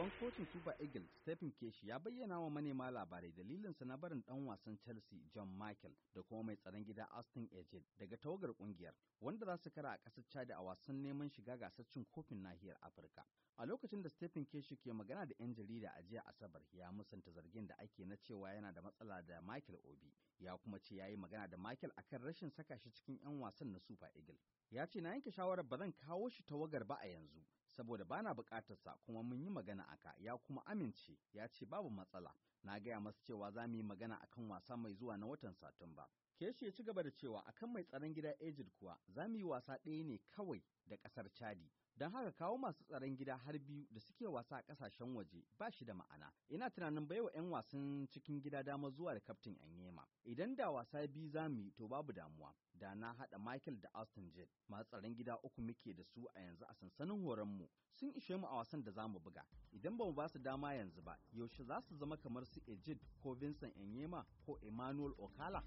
Babban kocin Super Eagles Stephen Keshi ya bayyana wa manema labarai dalilinsa na barin dan wasan Chelsea John Michael da kuma mai tsaron gida Aston Ejid daga tawagar kungiyar wanda za su kara a kasar Chad a wasan neman shiga gasar cin kofin nahiyar Afirka. A lokacin da Stephen Keshi ke magana da 'yan jarida a jiya Asabar ya musanta zargin da ake na cewa yana da matsala da Michael Obi ya kuma ce ya yi magana da Michael akan rashin saka shi cikin 'yan wasan na Super Eagles. Ya ce na yanke shawarar ba zan kawo shi tawagar ba a yanzu saboda bana na bukatarsa kuma mun yi magana aka ya kuma amince ya ce babu matsala na gaya masa cewa za mu yi magana akan wasa mai zuwa na watan satumba keshi ya ci gaba da cewa akan mai tsaron gida ejid kuwa za mu yi wasa ɗaya ne kawai da ƙasar chadi don haka kawo masu tsaron gida har biyu da suke wasa a ƙasashen waje ba shi da ma'ana ina tunanin bai wa 'yan wasan cikin gida dama zuwa da kaftin anyema idan da wasa biyu za mu yi to babu damuwa da na haɗa michael da austin jet masu tsaron gida uku muke da su a yanzu a sansanin horonmu sun ishe mu a wasan da za mu buga idan ba mu ba su dama yanzu ba yaushe za su zama kamar su Ejid ko Vincent Enyema ko Emmanuel Okala